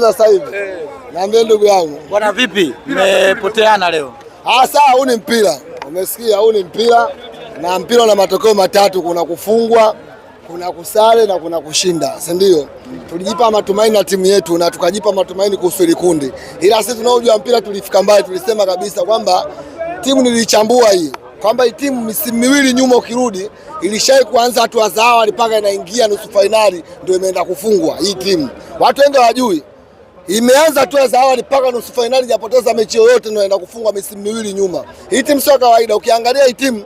Sasa hivi eh. Niambie ndugu yangu bwana, vipi mmepoteana leo? Ah, sawa, huu ni mpira, umesikia? Huu ni mpira na mpira una matokeo matatu, kuna kufungwa, kuna kusale na kuna kushinda, si ndio? Tulijipa matumaini na timu yetu na tukajipa matumaini kuhusu ile kundi, ila sisi tunaojua mpira tulifika mbali, tulisema kabisa kwamba timu nilichambua hii kwamba timu misimu miwili nyuma ukirudi ilishai kuanza hatua za awali mpaka inaingia nusu fainali, ndio imeenda kufungwa hii timu, watu wengi hawajui imeanza tu za awali mpaka nusu fainali, japoteza mechi yoyote naenda kufungwa misimu miwili nyuma. Hii timu sio kawaida. Ukiangalia hii timu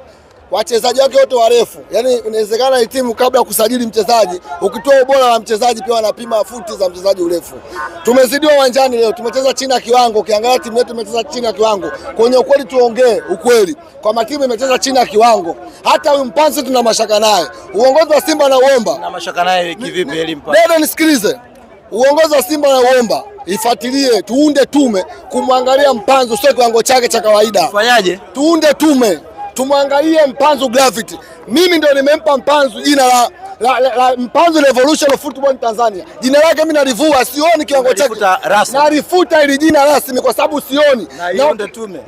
wachezaji wake wote warefu, yaani inawezekana hii timu kabla ya kusajili mchezaji, ukitoa ubora wa mchezaji pia wanapima futi za mchezaji, urefu. Tumezidiwa uwanjani leo, tumecheza chini ya kiwango. Ukiangalia timu yetu imecheza chini ya kiwango, kwenye ukweli tuongee ukweli Kwa timu imecheza chini ya kiwango. Hata huyu mpanzi tuna mashaka naye, uongozi wa Simba nauomba. Na mashaka naye kivipi? elimpa? Dedo, nisikilize Uongozi wa Simba nauomba ifuatilie, tuunde tume kumwangalia Mpanzu, sio kiwango chake cha kawaida. Fanyaje? Tuunde tume tumwangalie Mpanzu gravity. Mimi ndio nimempa Mpanzu jina la la, la, la Mpanzu Revolution of Football in Tanzania. Jina lake mimi nalivua, sioni kiwango chake. Nalifuta ili jina rasmi kwa sababu sioni.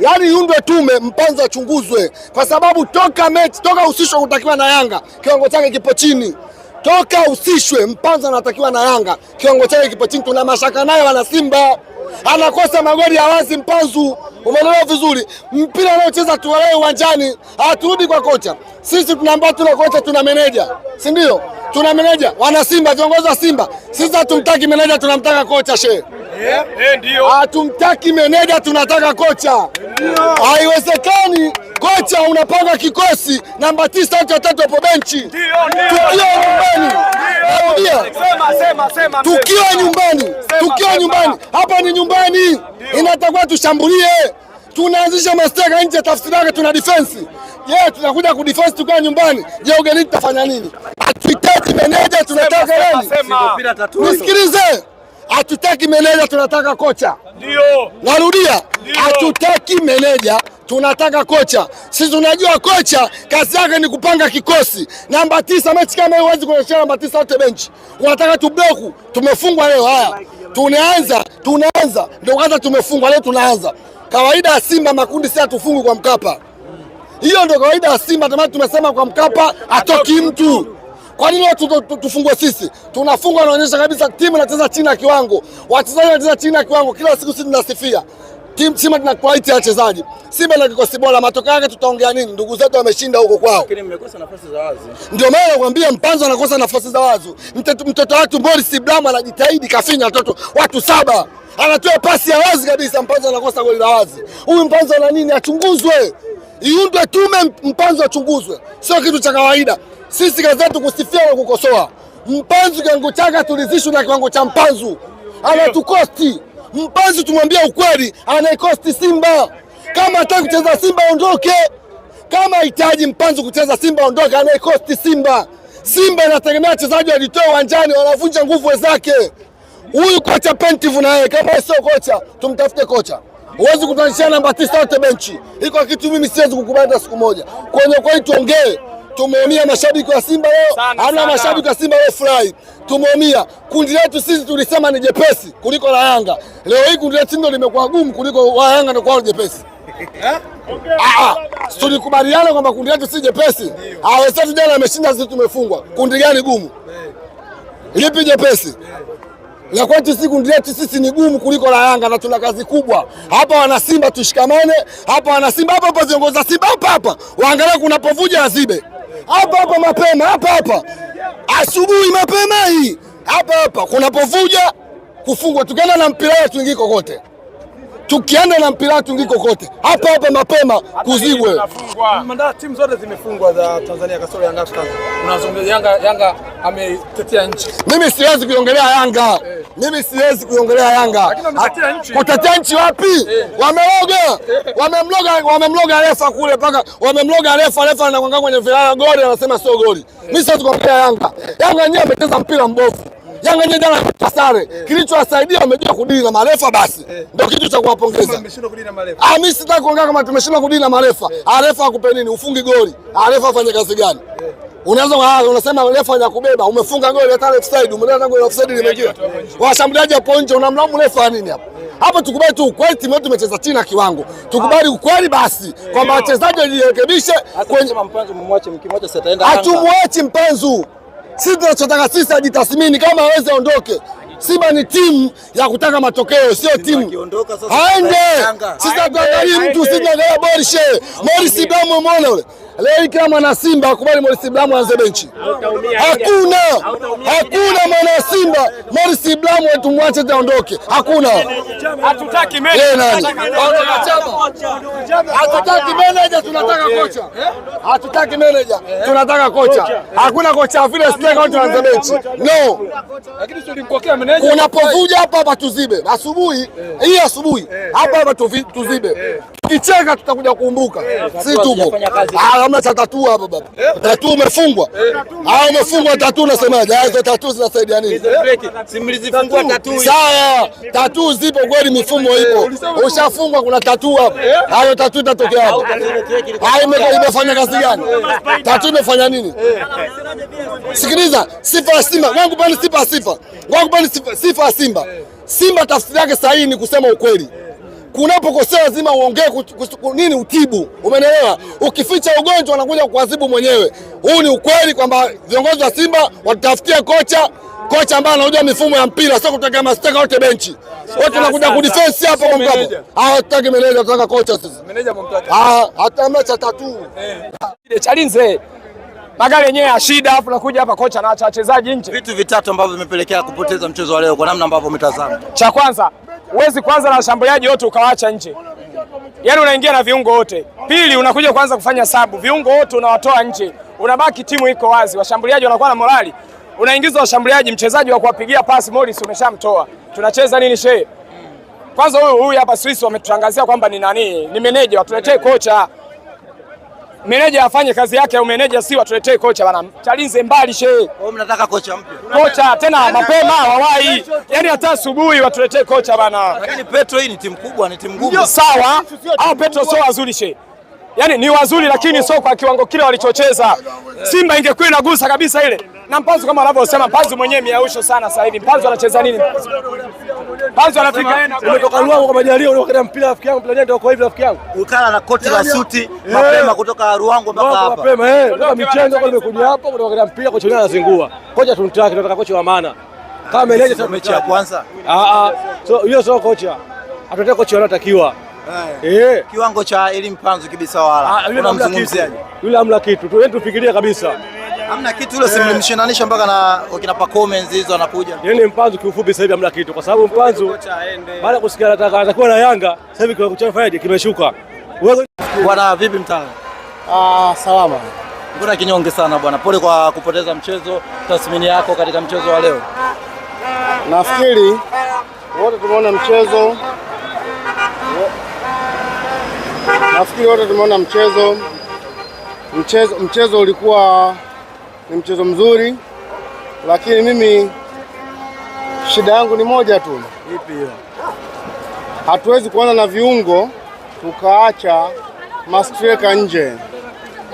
Yaani iundwe tume, Mpanzu achunguzwe kwa sababu toka mechi, toka usisho kutakiwa na Yanga kiwango chake kipo chini toka usishwe Mpanza anatakiwa na Yanga, kiwango chake kipo chini. Tuna mashaka naye wana Simba, anakosa magoli ya wazi Mpanzu. Umeelewa vizuri? Mpira anaocheza tuwalee uwanjani, aturudi kwa kocha. Sisi tunaambia tuna kocha, tuna meneja, si ndio? tuna meneja wana Simba, viongozi wa Simba. Sisi hatumtaki meneja, tunamtaka kocha she. Eh, hatumtaki meneja, tunataka kocha. Haiwezekani kocha unapanga kikosi namba tisa, watu watatu hapo benchi. Tukiwa nyumbani, narudia, tukiwa nyumbani, tukiwa nyumbani, hapa ni nyumbani, inatakuwa tushambulie. Tunaanzisha mastaka nje, tafsiri yake tuna defense Je, tunakuja ku defense tukiwa nyumbani. Je, ugenini tutafanya nini? Hatutaki meneja, tunataka nani? Nisikilize, hatutaki meneja, tunataka kocha. Ndio, narudia, hatutaki meneja tunataka kocha. Sisi tunajua kocha kazi yake ni kupanga kikosi. Namba tisa, mechi kama hiyo huwezi kuonyesha namba tisa wote benchi, unataka tubloku. Tumefungwa leo, haya tunaanza, tunaanza ndio kwanza tumefungwa leo, tunaanza kawaida Simba makundi si hatufungwi kwa Mkapa hiyo ndio kawaida ya Simba. Tamani tumesema kwa Mkapa atoki mtu. Kwa nini watu tufungwe sisi? Tunafungwa, naonyesha kabisa timu inacheza chini ya kiwango, wachezaji wanacheza chini ya kiwango. Kila siku sisi tunasifia timu Simba, tuna quality ya wachezaji Simba na kikosi bora. Matokeo yake tutaongea nini? Ndugu zetu wameshinda huko kwao, lakini mmekosa nafasi za wazi. Ndio maana nakwambia Mpanzo anakosa nafasi za wazi. Mtoto wetu Boris Blama anajitahidi, kafinya watoto watu saba, anatoa pasi ya wazi kabisa. Mpanzo anakosa goli la wazi. Huyu Mpanzo ana nini? Achunguzwe iundwe tume mpanzi achunguzwe, sio kitu cha kawaida. Sisi kazi yetu kusifia na kukosoa. Mpanzi kiwango chake tulizishwa na kiwango cha Mpanzu, anatukosti mpanzi. Tumwambia ukweli, anaikosti Simba. Kama hataki kucheza Simba aondoke, kama hahitaji mpanzi kucheza Simba aondoke, anaikosti Simba. Simba inategemea wachezaji walitoa uwanjani, wanavunja nguvu wenzake. Huyu kocha Pentivu naye, kama sio kocha tumtafute kocha. Huwezi kutanishia na tisa yote benchi. Iko kitu mimi siwezi kukubali hata siku moja. Kwenye kweli tuongee. Tumeumia mashabiki wa Simba leo. Hamna mashabiki wa Simba leo furahi. Tumeumia. Kundi letu sisi tulisema ni jepesi kuliko la Yanga. Leo hii kundi letu ndio limekuwa gumu kuliko wa Yanga ndio kwao jepesi. Eh? Ah, ah. tulikubaliana kwamba kundi letu si jepesi. Ah, wenzetu jana wameshinda, sisi tumefungwa. Kundi gani gumu? Eh. Lipi jepesi? Eh la kwetu siku letu sisi ni gumu kuliko la Yanga na tuna kazi kubwa hapa. Wana Simba tushikamane hapa, wana Simba hapa hapa, viongozi wa Simba hapa hapa waangalie kunapovuja azibe hapa hapa mapema hapa hapa asubuhi mapema hii hapa hapa kunapovuja kufungwa, tukienda na mpira wetu ingi kokote tukienda na mpira tungiko kote hapa hapa mapema kuzigwe. Mandaa timu zote zimefungwa za Tanzania kasoro Yanga Africans. Unazungumzia Yanga, Yanga ametetea nchi. Mimi siwezi kuiongelea Yanga, mimi siwezi kuiongelea Yanga. Kutetea nchi wapi? Eh. Wameloga, wamemloga, wamemloga refa kule mpaka wamemloga refa, refa anakwanga kwenye vilala goli, anasema sio goli. Mimi siwezi kuongelea Yanga. Yanga yenyewe amecheza mpira mbovu. Yanga ndio jana kwa sare. Eh. Kilichowasaidia wamejua kudili na marefa basi. Eh. Ndio kitu cha kuwapongeza. Ah, mimi sitaki kuongea kama tumeshindwa kudili na marefa. Eh. Arefa ah, akupe nini? Ufungi goli. Arefa ah, afanye kazi gani? Unaweza unasema refa kubeba umefunga goli hata offside, umeona goli offside limeingia. Washambuliaji hapo nje unamlaumu refa nini hapo? Hapo tukubali tu ukweli, timu yetu imecheza chini kiwango. Tukubali ah. ukweli basi kwamba wachezaji wajirekebishe kwenye mpanzu, mmwache mkimwacha sitaenda. Hatumwachi mpanzu. Sisi tunachotaka sisi ajitathmini, kama aweze aondoke. Simba ni timu ya kutaka matokeo, sio timu aende. Sisi tuangalie mtu, sisi tuangalie Borishe Morisi Damu, umeona ule Leo kila mwana Simba akubali Morris Blamu anze benchi. Hakuna, hakuna mwana Simba Morris Ibrahim tumwache taondoke, hakuna. Hatutaki meneja, hatutaki tunataka kocha. Hatutaki tunataka kocha. Hakuna kocha vile steka watu anze benchi, no. Lakini unapovuja hapa hapa tuzibe asubuhi hii, asubuhi hapa hapa tuzibe. Eh. Kicheka tutakuja kukumbuka, eh. si tupo hamna cha tatu hapa baba. Eh? Tatu umefungwa eh. au ah, umefungwa tatu, unasemaje? Ah, hizo tatu zinasaidia nini? Si tatu. Sawa, tatu zipo kweli, mifumo eh, ipo. Ushafungwa kuna tatu hapa. Hayo tatu itatokea hapo. Ah, Hayo imefanya kazi gani? Tatu imefanya nini? Sikiliza, sifa ya Simba. Wangu bali sifa sifa. Wangu bali sifa Simba. Simba tafsiri yake sahihi ni kusema ukweli kunapokosea lazima uongee nini, utibu. Umenelewa? Ukificha ugonjwa unakuja kuadhibu mwenyewe. Huu ni ukweli kwamba viongozi wa Simba watafutia kocha kocha ambaye anajua mifumo ya mpira, sio kutaka mastaka wote benchi wote tunakuja defense hapa kwa mkapo. Ah, hataki meneja, tunataka kocha sisi. Meneja mumtaka. Ah, hata mecha tatu. Ile eh. chalinze magari yenyewe ya shida, afu nakuja hapa kocha na wachezaji nje. Vitu vitatu ambavyo vimepelekea kupoteza mchezo wa leo kwa namna ambavyo umetazama. Cha kwanza Huwezi kuanza na washambuliaji wote ukawaacha nje, yaani unaingia na viungo wote. Pili, unakuja kuanza kufanya sabu, viungo wote unawatoa nje, unabaki timu iko wazi, washambuliaji wanakuwa na morali, unaingiza washambuliaji, mchezaji wa kuwapigia pasi Morris umeshamtoa. Tunacheza nini shee Kwanza huyu huyu hapa Swiss wametutangazia kwamba ni nani, ni meneja, watuletee kocha meneja afanye kazi yake, au meneja si watuletee kocha bana, chalinze mbali she. Wao mnataka kocha mpya, kocha tena mapema wawai, yani hata asubuhi watuletee kocha bana. Lakini Petro hii ni timu kubwa, ni timu ngumu. Sawa, au Petro sio wazuri she yani ni wazuri, lakini sio kwa kiwango kile walichocheza. Simba ingekuwa inagusa kabisa ile na Mpanzu kama anavyosema Mpanzu mwenyewe miausho sana sasa hivi. Mpanzu anacheza nini? Mpanzu anafika umetoka Ruangwa kwa majario unaokata mpira rafiki yangu mpira ndio kwa hivi rafiki yangu. Ukala na koti la yaani, suti eh. mapema kutoka Ruangwa mpaka hapa. Mapema eh, Kwa michezo kwa nimekuja hapo kutoka mpira kocha leo anazingua. Kocha tunamtaka tunataka kocha wa maana. Kama meneja mechi ya kwanza. Ah ah. So hiyo sio kocha. Atutaka kocha anatakiwa. Eh. eh, kiwango cha elimu panzu kibisa, wala ah, unamzungumziaje yule? Amla kitu Tuende yaani tufikirie kabisa hamna kitu yule, eh. simlimshinanisha mpaka na wakina comments hizo anakuja. Yaani Mpanzu kiufupi sasa hivi hamna kitu, kwa sababu Mpanzu baada ya kusikia anataka atakuwa na Yanga sasa hivi kwa kuchana faida kimeshuka. Wewe bwana, vipi mtaani? Ah, salama. Mbona kinyonge sana bwana, pole kwa kupoteza mchezo. Tathmini yako katika mchezo wa leo? Nafikiri wote tumeona mchezo Nafikiri wote tumeona mchezo. Mchezo mchezo ulikuwa ni mchezo mzuri, lakini mimi shida yangu ni moja tu. Ipi hiyo? Hatuwezi kuanza na viungo tukaacha mastreka nje.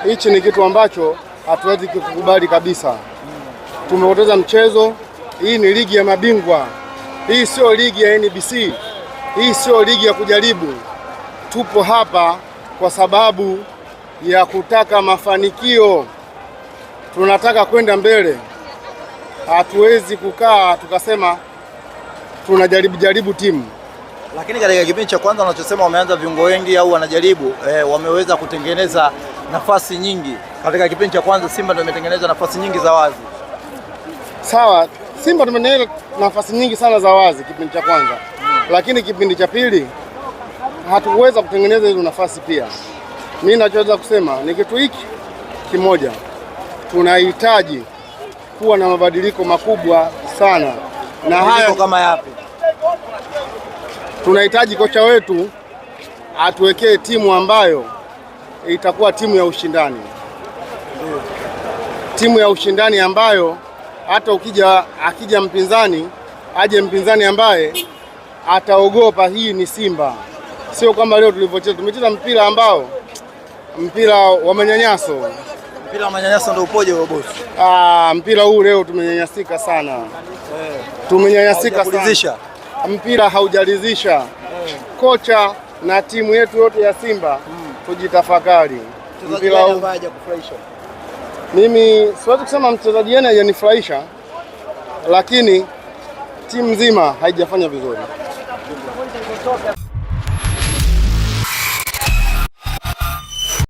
Hichi ni kitu ambacho hatuwezi kukubali kabisa. Tumepoteza mchezo. Hii ni ligi ya mabingwa, hii sio ligi ya NBC, hii sio ligi ya kujaribu. Tupo hapa kwa sababu ya kutaka mafanikio. Tunataka kwenda mbele, hatuwezi kukaa tukasema tunajaribu jaribu timu. Lakini katika kipindi cha kwanza wanachosema wameanza viungo wengi au wanajaribu eh, wameweza kutengeneza nafasi nyingi katika kipindi cha kwanza. Simba ndio imetengeneza nafasi nyingi za wazi. Sawa, Simba tumetengeneza nafasi nyingi sana za wazi kipindi cha kwanza, mm. lakini kipindi cha pili hatukuweza kutengeneza hizo nafasi. Pia mimi nachoweza kusema ni kitu hiki kimoja, tunahitaji kuwa na mabadiliko makubwa sana, na hayo kama yapi, tunahitaji kocha wetu atuwekee timu ambayo itakuwa timu ya ushindani, timu ya ushindani ambayo hata ukija akija mpinzani aje mpinzani ambaye ataogopa, hii ni Simba sio kama leo tulivyocheza. Tumecheza mpira ambao mpira wa manyanyaso. Mpira wa manyanyaso ndio upoje wa boss? Ah, mpira huu leo tumenyanyasika sana hey. Eh. Tumenyanyasika sana, mpira haujalizisha hey. Eh. Kocha na timu yetu yote ya Simba hmm. Tujitafakari mpira huu. Mimi siwezi kusema mchezaji yeye hajanifurahisha, lakini timu nzima haijafanya vizuri.